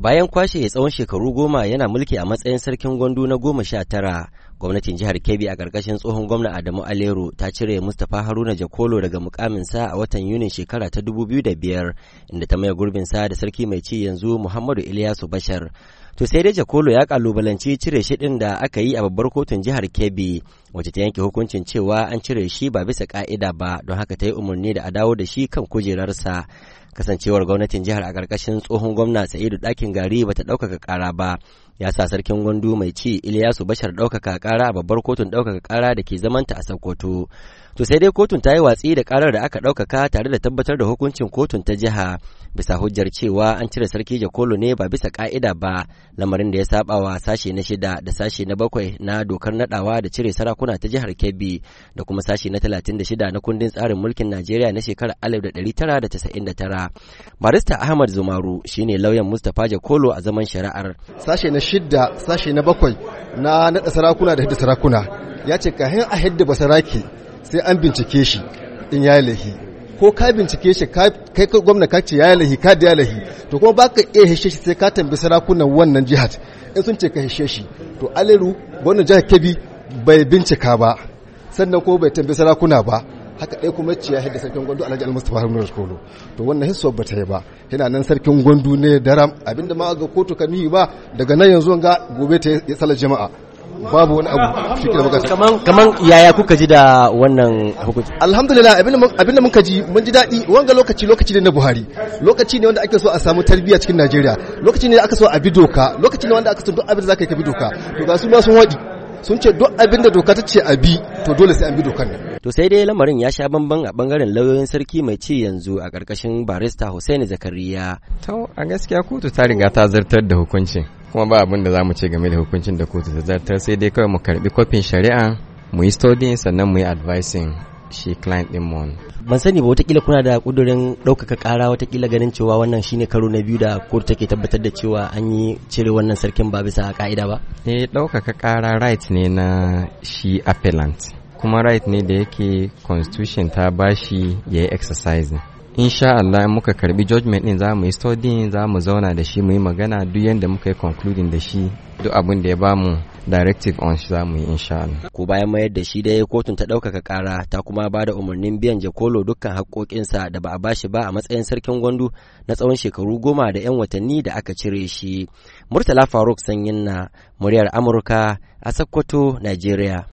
Bayan kwashe tsawon shekaru goma yana mulki a matsayin sarkin gwandu na goma sha tara, gwamnatin jihar Kebbi a ƙarƙashin tsohon gwamna Adamu Alero ta cire Mustapha Haruna Jakolo daga mukaminsa a watan Yunin shekara ta dubu biyu da biyar, inda ta maye gurbinsa da sarki mai ci yanzu Muhammadu Iliyasu Bashar. To sai dai Jakolo ya kalubalanci cire shi ɗin da aka yi a babbar kotun jihar Kebbi wacce ta yanke hukuncin cewa an cire shi ba bisa ka'ida ba don haka ta yi umarni da a dawo da shi kan kujerarsa kasancewar gwamnatin jihar a ƙarƙashin tsohon gwamna sa'idu ɗakin gari ba ta ɗaukaka ƙara ba ya sa sarkin gwandu mai ci iliyasu bashar ɗaukaka ƙara a babbar kotun ɗaukaka ƙara da ke zamanta a sokoto to sai dai kotun ta yi watsi da ƙarar da aka ɗaukaka tare da tabbatar da hukuncin kotun ta jiha bisa hujjar cewa an cire sarki jakolo ne ba bisa ƙa'ida ba lamarin da ya saba wa sashe na shida da sashe na bakwai na dokar naɗawa da cire sarakuna sarakuna ta jihar Kebbi da kuma sashi na 36 na kundin tsarin mulkin Najeriya na shekarar 1999. Barista Ahmad Zumaru shine lauyan Mustapha Jakolo a zaman shari'ar. Sashe na shidda, sashe na bakwai na naɗa sarakuna da hidda sarakuna ya ce kahin a hidda saraki sai an bincike shi in ya lahi? ko ka bincike shi kai gwamna ka ce ya lahi ka da ya lahi to kuma baka iya hishe shi sai ka tambi sarakunan wannan jihar in sun ce ka hishe shi to aliru gwamnan jihar kebbi bai bincika ba sannan ko bai tambayi sarakuna ba haka ɗaya kuma ciya yadda sarkin gwandu alhaji almustapha harunar kolo to wannan hisso ba ta yi ba yana nan sarkin gwandu ne daram abinda ma ga kotu ka yi ba daga nan yanzu ga gobe ta yi salar jama'a babu wani abu shi kaman kaman yaya kuka ji da wannan hukunci alhamdulillah abinda muka ji mun ji daɗi wanga lokaci lokaci ne na buhari lokaci ne wanda ake so a samu tarbiyya cikin najeriya lokaci ne aka so a bi doka lokaci ne wanda aka so duk abin da zaka yi ka bi doka to ga su ma sun waɗi sun ce duk abin da doka ta ce a bi to dole sai an bi dokar nan to sai dai lamarin ya sha bamban a bangaren lauyoyin sarki mai ci yanzu a ƙarƙashin barista hussaini Zakariya to a gaskiya kotu ta riga ta zartar da hukuncin kuma ba abin da za mu ce game da hukuncin da kotu ta zartar sai dai kawai mu karbi kofin shari'a mu yi studying sannan mu yi advising shi client din mu ban sani ba watakila kuna da kudurin ɗaukaka ƙara watakila ganin cewa wannan shine karo na biyu da kotu take tabbatar da cewa an yi cire wannan sarkin ba bisa ka'ida ba eh ɗaukaka ƙara right ne na shi appellant kuma right ne da yake constitution ta bashi ya yi exercise insha Allah in muka karbi judgment din za mu yi studying mu zauna da shi mu yi magana duk yanda muka yi concluding da shi duk abin da ya bamu directive on shi mu yi insha Allah ko bayan mayar da shi dai kotun ta ɗaukaka ƙara ta kuma ba da umarnin biyan jakolo dukkan haƙoƙinsa da ba a bashi ba a matsayin sarkin gwandu na tsawon shekaru goma da 'yan watanni da aka cire shi murtala faruk sanyin na muryar amurka a sokoto nigeria